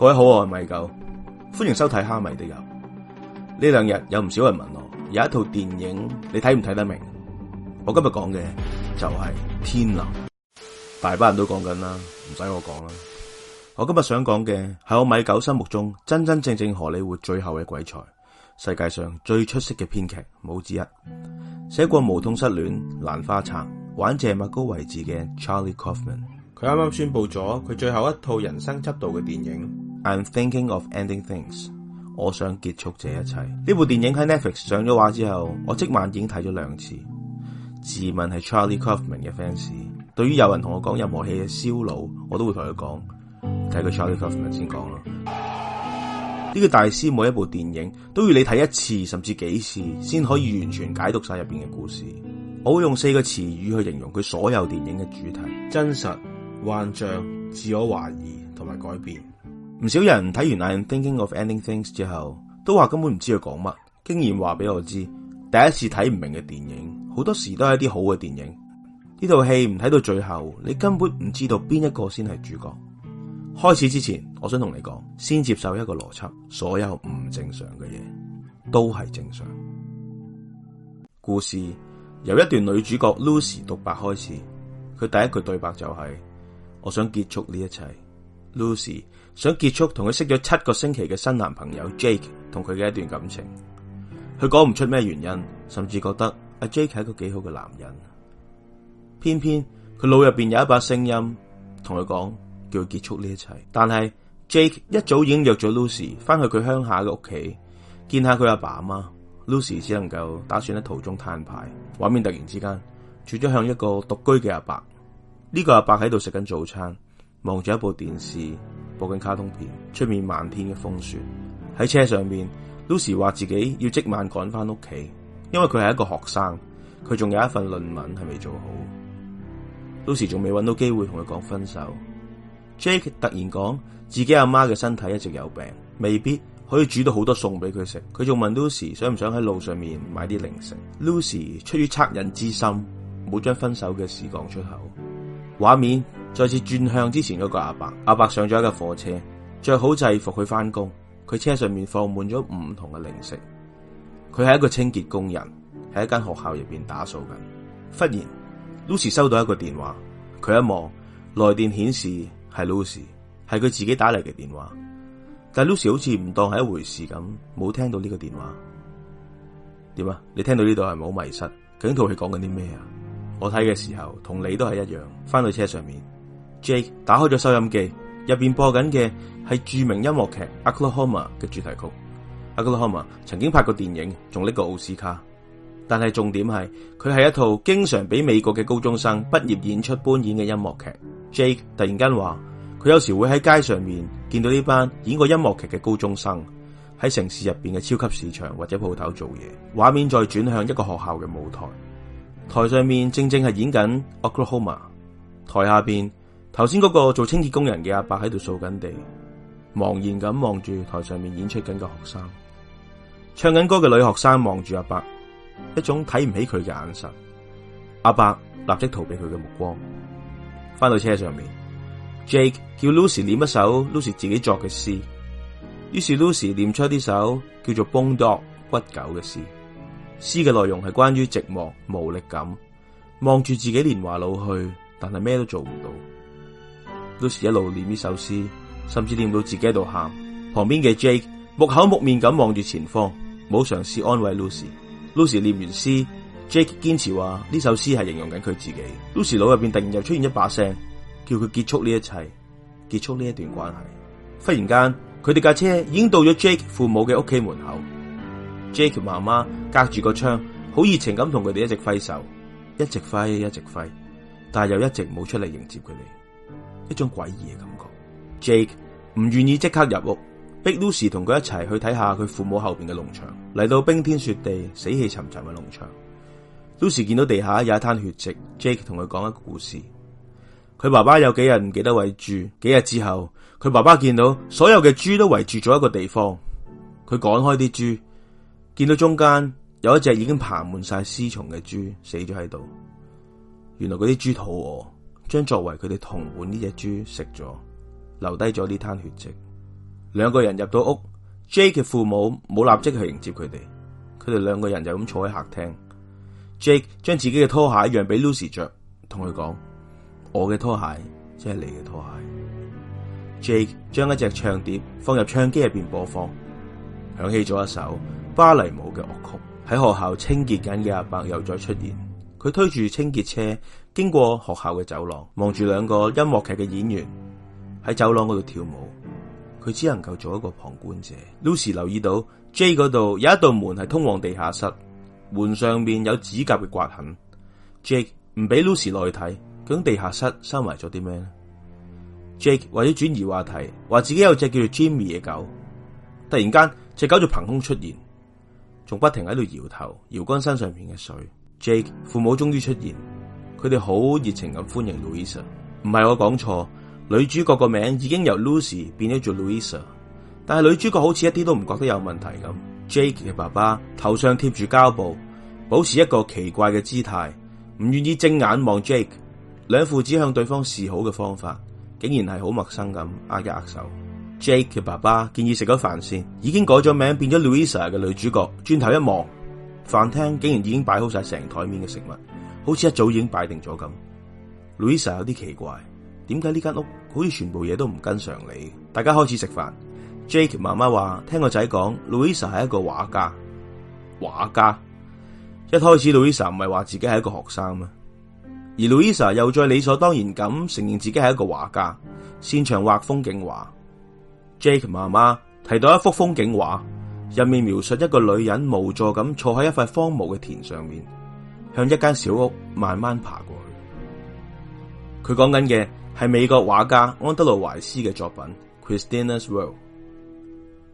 各位好，我係米九，歡迎收睇《蝦米的油》。呢兩日有唔少人問我，有一套電影你睇唔睇得明？我今日講嘅就係、是《天能》。 大班人都講緊啦，唔使我講啦。我今日想講嘅係我米九心目中真真正正荷里活最後嘅鬼才，世界上最出色嘅編劇，冇之一，寫過《無痛失戀》《蘭花賊》，玩謝麥高維治嘅 Charlie Kaufman。佢啱啱宣布咗佢最後一套人生執導嘅電影。I'm thinking of ending things。我想結束這一切。呢 部電影喺 Netflix 上咗畫之後，我即晚已經睇咗兩次。自問係 Charlie Kaufman 嘅 fans， 對於有人同我講任何戲嘅燒腦，我都會同佢講睇個 Charlie Kaufman 先講咯。呢、就是、 個大師每一部電影都要你睇一次甚至幾次，先可以完全解讀晒入邊嘅故事。我會用四個詞語去形容佢所有電影嘅主題： 真實、幻象、自我懷疑同埋改變。唔少人睇完《I'm Thinking of Ending Things》之後，都話根本唔知佢講乜。經驗話俾我知，第一次睇唔明嘅電影，好多時都係一啲好嘅電影。呢套戲唔睇到最後，你根本唔知道邊一個先係主角。開始之前，我想同你講，先接受一個邏輯：所有唔正常嘅嘢都係正常。故事由一段女主角 Lucy 獨白開始，佢第一句對白就係：我想結束呢一切，Lucy，想結束同佢識咗七個星期嘅新男朋友 Jake 同佢嘅一段感情，佢講唔出咩原因，甚至覺得阿 Jake 係一個幾好嘅男人。偏偏佢腦入邊有一把聲音同佢講，叫佢結束呢一切。但係 Jake 一早已經約咗 Lucy 翻去佢鄉下嘅屋企見下佢阿爸阿媽，Lucy 只能夠打算喺途中攤牌。畫面突然之間轉咗向一個獨居嘅阿伯，呢個阿伯喺度食緊早餐，望住一部電視。播緊卡通片，出面漫天嘅風雪。喺車上面，Lucy 話自己要即晚趕翻屋企，因為佢係一個學生，佢仲有一份論文係未做好。Lucy 仲未揾到機會同佢講分手。Jake 突然講自己阿媽嘅身體一直有病，未必可以煮到好多餸俾佢食。佢仲問 Lucy 想唔想喺路上面買啲零食。Lucy 出於惻隱之心，冇將分手嘅事講出口。畫面，再次轉向之前嗰個阿伯，阿伯上咗一架貨車，着好制服佢翻工。佢車上面放滿咗唔同嘅零食。佢係一個清潔工人，喺一間學校入邊打掃緊。忽然，Lucy 收到一個電話，佢一望來電顯示係 Lucy，係佢自己打嚟嘅電話。但 Lucy 好似唔當係一回事咁，冇聽到呢個電話。點啊？你聽到呢度係咪好迷失？究竟套戲講緊啲咩啊？我睇嘅時候同你都係一樣，翻到車上面。Jake 打開咗收音機，入邊播緊嘅係著名音樂劇《Oklahoma》嘅主題曲。《Oklahoma》曾經拍過電影，仲拎過奧斯卡。但係重點係佢係一套經常俾美國嘅高中生畢業演出搬演嘅音樂劇。Jake 突然間話佢有時會喺街上面見到呢班演過音樂劇嘅高中生喺城市入邊嘅超級市場或者鋪頭做嘢。畫面再轉向一個學校嘅舞台，台上面正正係演緊、ah《Oklahoma》，台下邊。頭先嗰個做清潔工人嘅阿伯喺度掃緊地，茫然咁望住台上面演出緊嘅學生。唱緊歌嘅女學生望住阿伯，一種睇唔起佢嘅眼神。阿伯立即逃避佢嘅目光，翻到車上面，Jake 叫 Lucy 唸一首 Lucy 自己作嘅詩，於是 Lucy 唸出呢首叫做《崩多骨狗》嘅詩，詩嘅內容係關於寂寞無力感，望住自己年華老去，但係咩都做唔到。Lucy 一路念呢首詩，甚至念到自己喺度喊。旁邊嘅 Jake 木口木面咁望住前方，冇嘗試安慰 Lucy。Lucy 念完詩，Jake 堅持話呢首詩係形容緊佢自己。Lucy 腦入邊突然又出現一把聲，叫佢結束呢一切，結束呢一段關係。忽然間，佢哋架車已經到咗 Jake 父母嘅屋企門口。Jake 媽媽隔住個窗，好熱情咁同佢哋一直揮手，一直揮，一直揮，但係又一直冇出嚟迎接佢哋。一種詭異嘅感覺，Jake 唔願意即刻入屋，逼 Lucy 同佢一齊去睇下佢父母後邊嘅農場。嚟到冰天雪地、死氣沉沉嘅農場，Lucy 見到地下有一攤血迹，Jake 同佢講一個故事。佢爸爸有幾日唔記得喂豬，幾日之後，佢爸爸見到所有嘅豬都圍住咗一個地方，佢趕開啲豬，見到中間有一隻已經爬滿晒屍蟲嘅豬死咗喺度，原來嗰啲豬肚餓。將作為佢哋同伴呢隻豬食咗，留低咗呢灘血跡。兩個人入到屋，Jake 嘅父母冇立即去迎接佢哋，佢哋兩個人就咁坐喺客廳。Jake 將自己嘅拖鞋讓俾 Lucy 着，同佢講：我嘅拖鞋即係、就是、你嘅拖鞋。Jake 將一隻唱碟放入唱機入邊播放，響起咗一首芭蕾舞嘅樂曲。喺學校清潔緊嘅阿伯又再出現，佢推住清潔車。經過學校嘅走廊，望住兩個音樂劇嘅演員喺走廊嗰度跳舞，佢只能夠做一個旁觀者。Lucy 留意到 Jake 嗰度有一道門係通往地下室，門上面有指甲嘅刮痕。Jake 唔俾 Lucy 落去睇，咁地下室收埋咗啲咩？Jake 為咗轉移話題，話自己有隻叫做 Jimmy 嘅狗。突然間，隻狗就憑空出現，仲不停喺度搖頭，搖乾身上面嘅水。Jake 父母終於出現。佢哋好熱情咁歡迎 Louisa，唔係我講錯，女主角個名已經由 Lucy 變咗做 Louisa，但係女主角好似一啲都唔覺得有問題咁。Jake 嘅爸爸頭上貼住膠布，保持一個奇怪嘅姿態，唔願意正眼望 Jake。兩父子向對方示好嘅方法，竟然係好陌生咁，握一握手。Jake 嘅爸爸建議食咗飯先，已經改咗名變咗 Louisa 嘅女主角，轉頭一望，飯廳竟然已經擺好晒成台面嘅食物。好似一早已經擺定咗咁，Louisa 有啲奇怪，點解呢間屋好似全部嘢都唔跟常理？大家開始食飯，Jake 媽媽話：聽個仔講，Louisa 係一個畫家，畫家。一開始 Louisa 唔係話自己係一個學生咩？而 Louisa 又再理所當然咁承認自己係一個畫家，擅長畫風景畫。Jake 媽媽提到一幅風景畫，入面描述一個女人無助咁坐喺一塊荒蕪嘅田上面。向一間小屋慢慢爬過去。佢講緊嘅係美國畫家安德魯懷斯嘅作品 Christina’s World。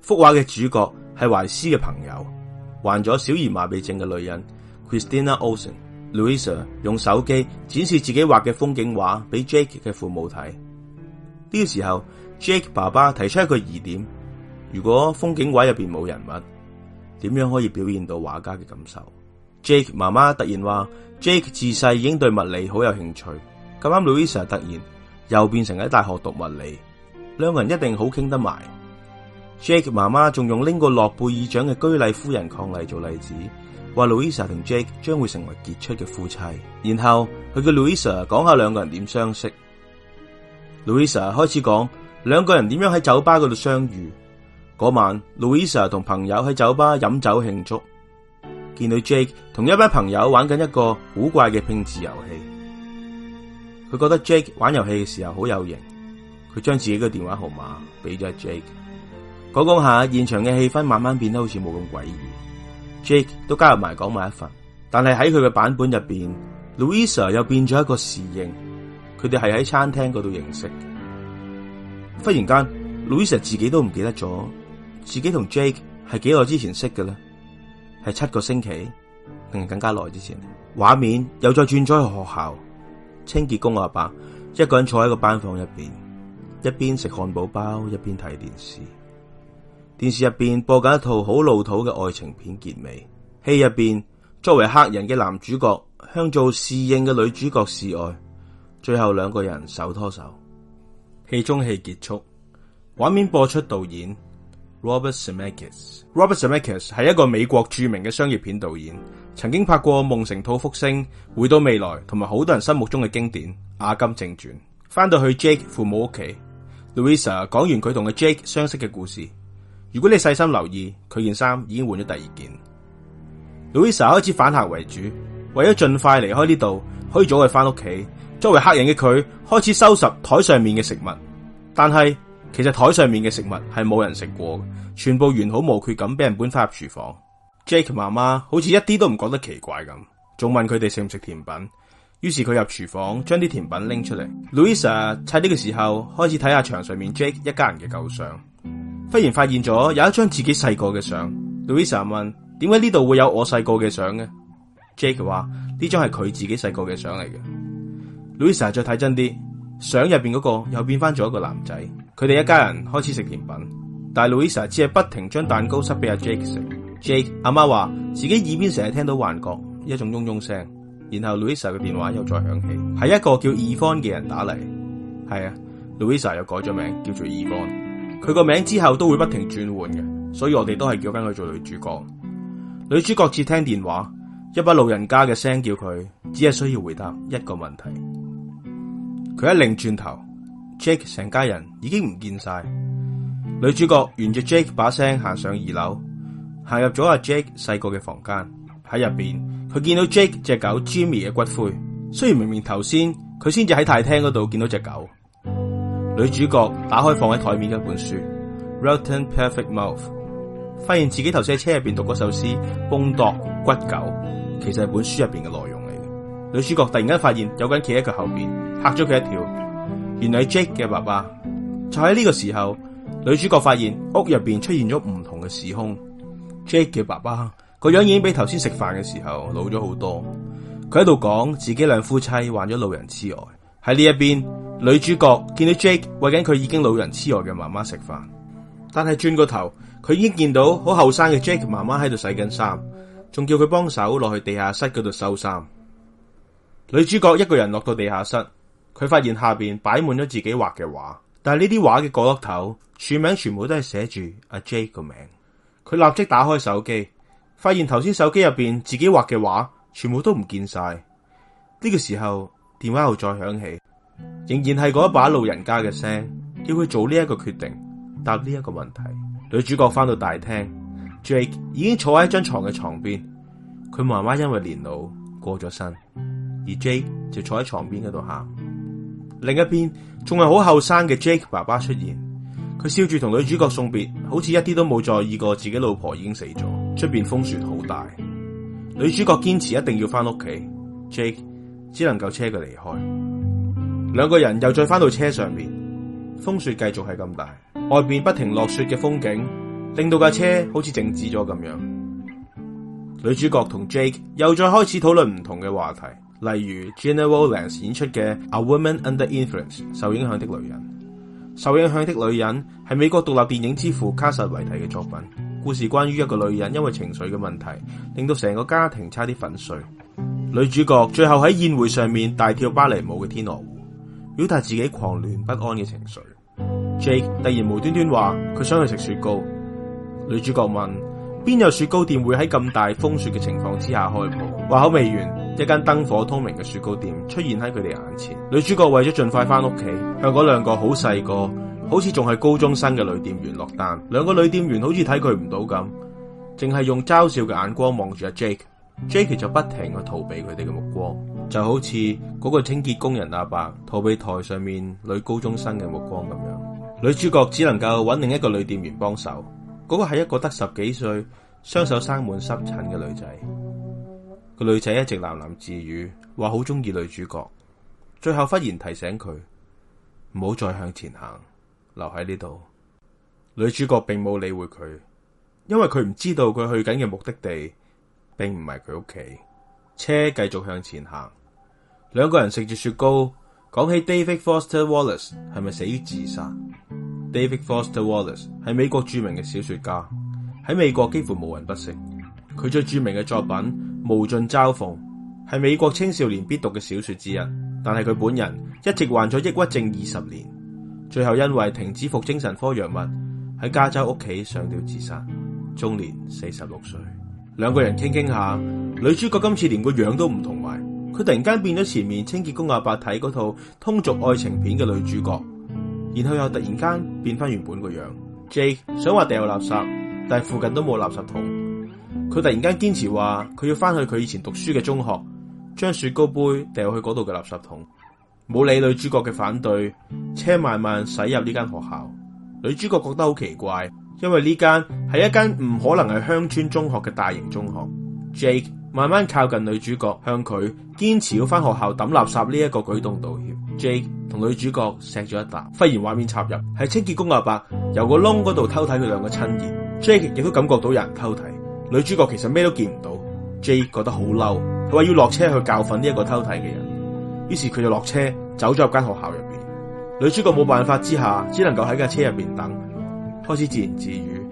幅畫嘅主角係懷斯嘅朋友，患咗小兒麻痹症嘅女人 Christina Olson。Louisa 用手機展示自己畫嘅風景畫俾 Jake 嘅父母睇。呢個時候，Jake 爸爸提出一個疑點：如果風景畫入邊冇人物，點樣可以表現到畫家嘅感受？Jake 媽媽突然話：Jake 自細已經對物理好有興趣，咁啱 Louisa 突然又變成喺大學讀物理，兩個人一定好傾得埋。Jake 媽媽仲用拎過諾貝爾獎嘅居禮夫人伉儷做例子，話 Louisa 同 Jake 將會成為傑出嘅夫妻。然後佢叫 Louisa 講下兩個人點相識。Louisa 開始講兩個人點樣喺酒吧嗰度相遇。嗰晚 Louisa 同朋友喺酒吧飲酒慶祝。見到 Jake 同一班朋友玩緊一個古怪嘅拼字遊戲，佢覺得 Jake 玩遊戲嘅時候好有型，佢將自己嘅電話號碼俾咗 Jake。講講下現場嘅氣氛慢慢變得好似冇咁詭異，Jake 都加入埋講埋一份，但係喺佢嘅版本入邊，Louisa 又變咗一個侍應，佢哋係喺餐廳嗰度認識。忽然間，Louisa 自己都唔記得咗自己同 Jake 係幾耐之前識嘅咧。係七個星期，定係更加耐之前？畫面又再轉咗去學校，清潔工阿伯，一個人坐喺個班房入邊，一邊食漢堡包，一邊睇電視。電視入邊播緊一套好老土嘅愛情片結尾，戲入邊作為客人嘅男主角向做侍應嘅女主角示愛，最後兩個人手拖手，戲中戲結束，畫面播出導演。Robert Zemeckis，Robert Zemeckis 係一個美國著名嘅商業片導演，曾經拍過《夢城兔福星》、《回到未來》同埋好多人心目中嘅經典《阿甘正傳》。翻到去 Jake 父母屋企，Louisa 講完佢同阿 Jake 相識嘅故事。如果你細心留意，佢件衫已經換咗第二件。Louisa 開始反客為主，為咗盡快離開呢度，可以早佢翻屋企。作為客人嘅佢開始收拾枱上面嘅食物，但係，其實台上面嘅食物係冇人食過，全部完好無缺咁俾人搬翻入廚房。Jake 媽媽好似一啲都唔覺得奇怪咁，仲問佢哋食唔食甜品。於是佢入廚房將啲甜品拎出嚟。Louisa 喺呢個時候開始睇下牆上面 Jake 一家人嘅舊相，忽然發現咗有一張自己細個嘅相。Louisa 問：點解呢度會有我細個嘅相嘅？Jake 話：呢張係佢自己細個嘅相嚟嘅。Louisa 再睇真啲。相入邊嗰個又變翻咗一個男仔，佢哋一家人開始食甜品，但係 Louisa 只係不停將蛋糕塞俾阿 Jake 食。Jake 阿媽話自己耳邊成日聽到幻覺，一種嗡嗡聲，然後 Louisa 嘅電話又再響起，係一個叫 Yvonne 嘅人打嚟。係啊，Louisa 又改咗名叫做 Yvonne，佢個名之後都會不停轉換嘅，所以我哋都係叫翻佢做女主角。女主角接聽電話，一把老人家嘅聲叫佢，只係需要回答一個問題。一擰轉頭，Jake 成家人已經唔見晒。女主角沿住 Jake 把聲行上二樓，行入咗阿 Jake 細個嘅房間喺入邊，佢見到 Jake 隻狗 Jimmy 嘅骨灰。雖然明明頭先佢先至喺大廳度見到隻狗，女主角打開放喺台面嘅一本書《Rotten Perfect Mouth》，發現自己頭先喺車入邊讀首詩《Bonedog 骨狗》，其實係本書入邊嘅內容。女主角突然間發現有個人企喺佢後邊，吓咗佢一跳。原嚟 Jake 嘅爸爸就喺呢個時候。女主角發現屋入邊出現咗唔同嘅時空。Jake 嘅爸爸個樣已經比頭先食飯嘅時候老咗好多。佢喺度講自己兩夫妻患咗老人痴呆。喺呢一邊，女主角見到 Jake 喂緊佢已經老人痴呆嘅媽媽食飯，但係轉個頭，佢已經見到好後生嘅 Jake 媽媽喺度洗緊衫，仲叫佢幫手落去地下室嗰度收衫。女主角一個人落到地下室，佢發現下邊擺滿咗自己畫嘅畫，但係呢啲畫嘅角落頭署名全部都係寫住阿 Jake 個名。佢立即打開手機，發現頭先手機入邊自己畫嘅畫全部都唔見晒。呢個時候電話又再響起，仍然係嗰一把老人家嘅聲，叫佢做呢一個決定，答呢一個問題。女主角翻到大廳，Jake 已經坐喺張床嘅床邊，佢媽媽因為年老過咗身。而 Jake 就坐喺床邊嗰度喊，另一邊仲係好後生嘅 Jake 爸爸出現，佢笑住同女主角送別，好似一啲都冇在意過自己老婆已經死咗。出邊風雪好大，女主角堅持一定要翻屋企，Jake 只能夠車佢離開。兩個人又再翻到車上面，風雪繼續係咁大，外邊不停落雪嘅風景令到架車好似靜止咗咁樣。女主角同 Jake 又再開始討論唔同嘅話題。例如 Gena Rowlands 演出嘅 A Woman Under Influence，受影響的女人。受影響的女人係美國獨立電影之父卡薩維提嘅作品，故事關於一個女人因為情緒嘅問題，令到成個家庭差啲粉碎。女主角最後喺宴會上面大跳芭蕾舞嘅《天鵝湖》，表達自己狂亂不安嘅情緒。Jake 突然無端端話佢想去食雪糕，女主角問。邊有雪糕店會喺咁大風雪嘅情況之下開鋪話口未完，一間燈火通明嘅雪糕店出現喺佢哋眼前。女主角為咗盡快翻屋企，向嗰兩個好細個，好似仲係高中生嘅女店員落單。兩個女店員好似睇佢唔到咁，淨係用嘲笑嘅眼光望住阿 Jake，Jake 就不停去逃避佢哋嘅目光，就好似嗰個清潔工人阿伯逃避台上面女高中生嘅目光咁樣。女主角只能夠揾另一個女店員幫手。嗰個係一個得十幾歲、雙手生滿濕疹嘅女仔，個女仔一直喃喃自語，話好中意女主角。最後忽然提醒佢唔好再向前行，留喺呢度。女主角並冇理會佢，因為佢唔知道佢去緊嘅目的地，並唔係佢屋企。車繼續向前行，兩個人食住雪糕，講起 David Foster Wallace 係咪死於自殺。David Foster Wallace 係美國著名嘅小說家，喺美國幾乎無人不識。佢最著名嘅作品《無盡嘲諷》係美國青少年必讀嘅小說之一。但係佢本人一直患咗抑鬱症二十年，最後因為停止服精神科藥物，喺加州屋企上吊自殺，終年四十六歲。兩個人傾傾下，女主角今次連個樣都唔同埋，佢突然間變咗前面清潔工阿伯睇嗰套通俗愛情片嘅女主角。然後又突然間變翻原本個樣。Jake 想話掉垃圾，但係附近都冇垃圾桶。佢突然間堅持話佢要翻去佢以前讀書嘅中學，將雪糕杯掉去嗰度嘅垃圾桶。冇理女主角嘅反對，車慢慢駛入呢間學校。女主角覺得好奇怪，因為呢間係一間唔可能係鄉村中學嘅大型中學。Jake 慢慢靠近女主角，向佢堅持要翻學校抌垃圾呢一個舉動道歉。Jake。同女主角錫咗一啖，忽然畫面插入，係清潔工阿伯由個窿嗰度偷睇佢兩個親熱，Jake 亦都 Jake 感覺到有人偷睇，女主角其實咩都見唔到，J 覺得好嬲，佢話要落車去教訓呢一個偷睇嘅人，於是佢就落車走咗入間學校入邊，女主角冇辦法之下，只能夠喺架車入邊等，開始自言自語，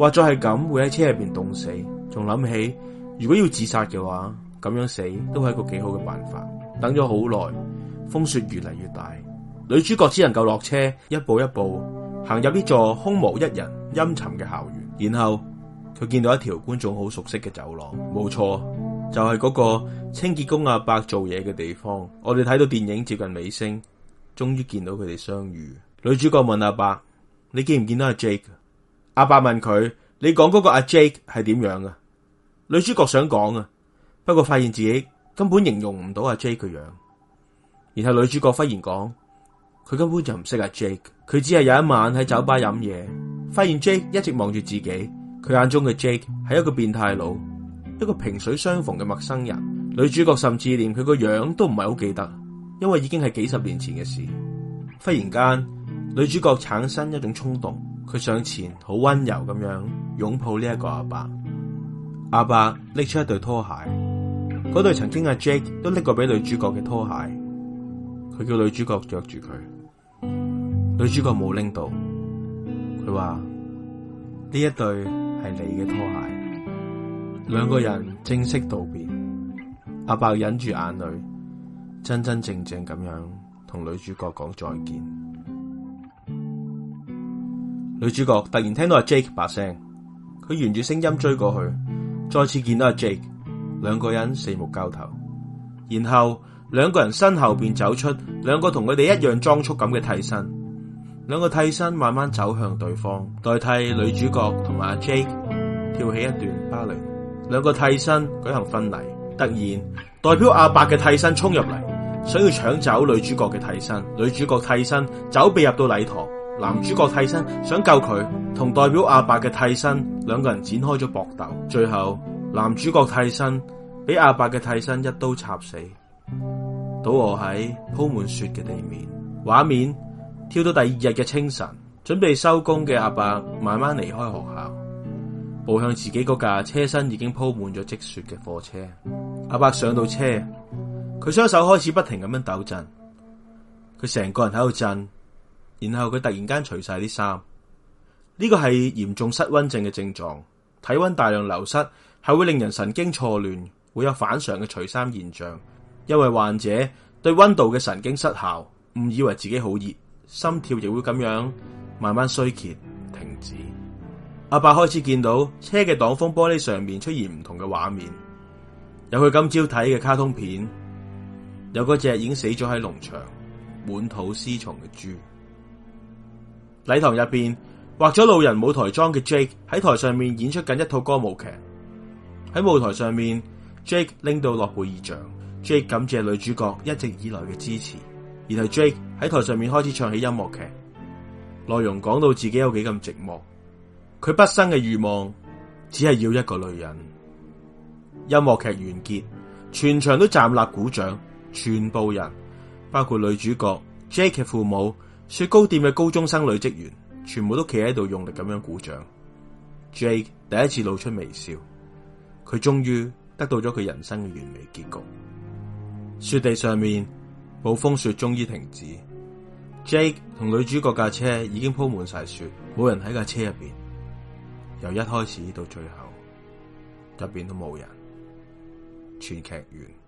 話再係咁會喺車入邊凍死，仲諗起如果要自殺嘅話，咁樣死都係一個幾好嘅辦法，等咗好耐，風雪越嚟越大。女主角只能夠落車，一步一步行入呢座空無一人、陰沉嘅校園。然後佢見到一條觀眾好熟悉嘅走廊，冇錯，就係嗰個清潔工阿伯做嘢嘅地方。我哋睇到電影接近尾聲，終於見到佢哋相遇。女主角問阿伯：你見唔見到阿 Jake？阿伯問佢：你講嗰個阿 Jake 係點樣嘅？女主角想講啊，不過發現自己根本形容唔到阿 Jake 佢樣。然後女主角忽然講。佢根本就唔識阿 Jake，佢只係有一晚喺酒吧飲嘢，發現 Jake 一直望住自己，佢眼中嘅 Jake 係一個變態佬，一個萍水相逢嘅陌生人。女主角甚至連佢個樣都唔係好記得，因為已經係幾十年前嘅事。忽然間，女主角產生一種衝動，佢上前好溫柔咁樣擁抱呢一個阿伯。阿伯拎出一對拖鞋，嗰對曾經阿 Jake 都拎過俾女主角嘅拖鞋，佢叫女主角着住佢。女主角冇拎到，佢話呢一對係你嘅拖鞋。兩個人正式道別，阿伯忍住眼淚，真真正正咁樣同女主角講再見。女主角突然聽到阿 Jake 把聲，佢沿住聲音追過去，再次見到阿 Jake，兩個人四目交投，然後兩個人身後邊走出兩個同佢哋一樣裝束咁嘅替身。兩個替身慢慢走向對方，代替女主角同埋阿 Jake 跳起一段芭蕾。兩個替身舉行婚禮，突然代表阿伯嘅替身衝入嚟，想要搶走女主角嘅替身。女主角替身走避入到禮堂，男主角替身想救佢，同代表阿伯嘅替身兩個人展開咗搏鬥。最後男主角替身俾阿伯嘅替身一刀插死，倒卧喺鋪滿雪嘅地面。畫面。跳到第二日嘅清晨，準備收工嘅阿伯慢慢離開學校，步向自己嗰架車身已經鋪滿咗積雪嘅貨車。阿伯上到車，佢雙手開始不停咁樣抖震，佢成個人喺度震。然後佢突然間除晒啲衫，呢個係嚴重失溫症嘅症狀。體溫大量流失係會令人神經錯亂，會有反常嘅除衫現象，因為患者對溫度嘅神經失效，誤以為自己好熱。心跳亦會咁樣慢慢衰竭停止。阿爸開始見到車嘅擋風玻璃上面出現唔同嘅畫面，有佢今朝睇嘅卡通片，有嗰隻已經死咗喺農場滿土絲蟲嘅豬。禮堂入邊畫咗老人舞台裝嘅 Jake 喺台上面演出緊一套歌舞劇。喺舞台上面，Jake 拎到諾貝爾獎，Jake 感謝女主角一直以來嘅支持。而係 Jake 喺台上面開始唱起音樂劇，內容講到自己有幾咁寂寞，佢畢生嘅願望只係要一個女人。音樂劇完結，全場都站立鼓掌，全部人包括女主角 Jake 嘅父母、雪糕店嘅高中生女職員，全部都企喺度用力咁樣鼓掌。Jake 第一次露出微笑，佢終於得到咗佢人生嘅完美結局。雪地上面。暴風雪終於停止，Jake 同女主角架車已經鋪滿晒雪，冇人喺架車入邊。由一開始到最後，入邊都冇人。全劇完。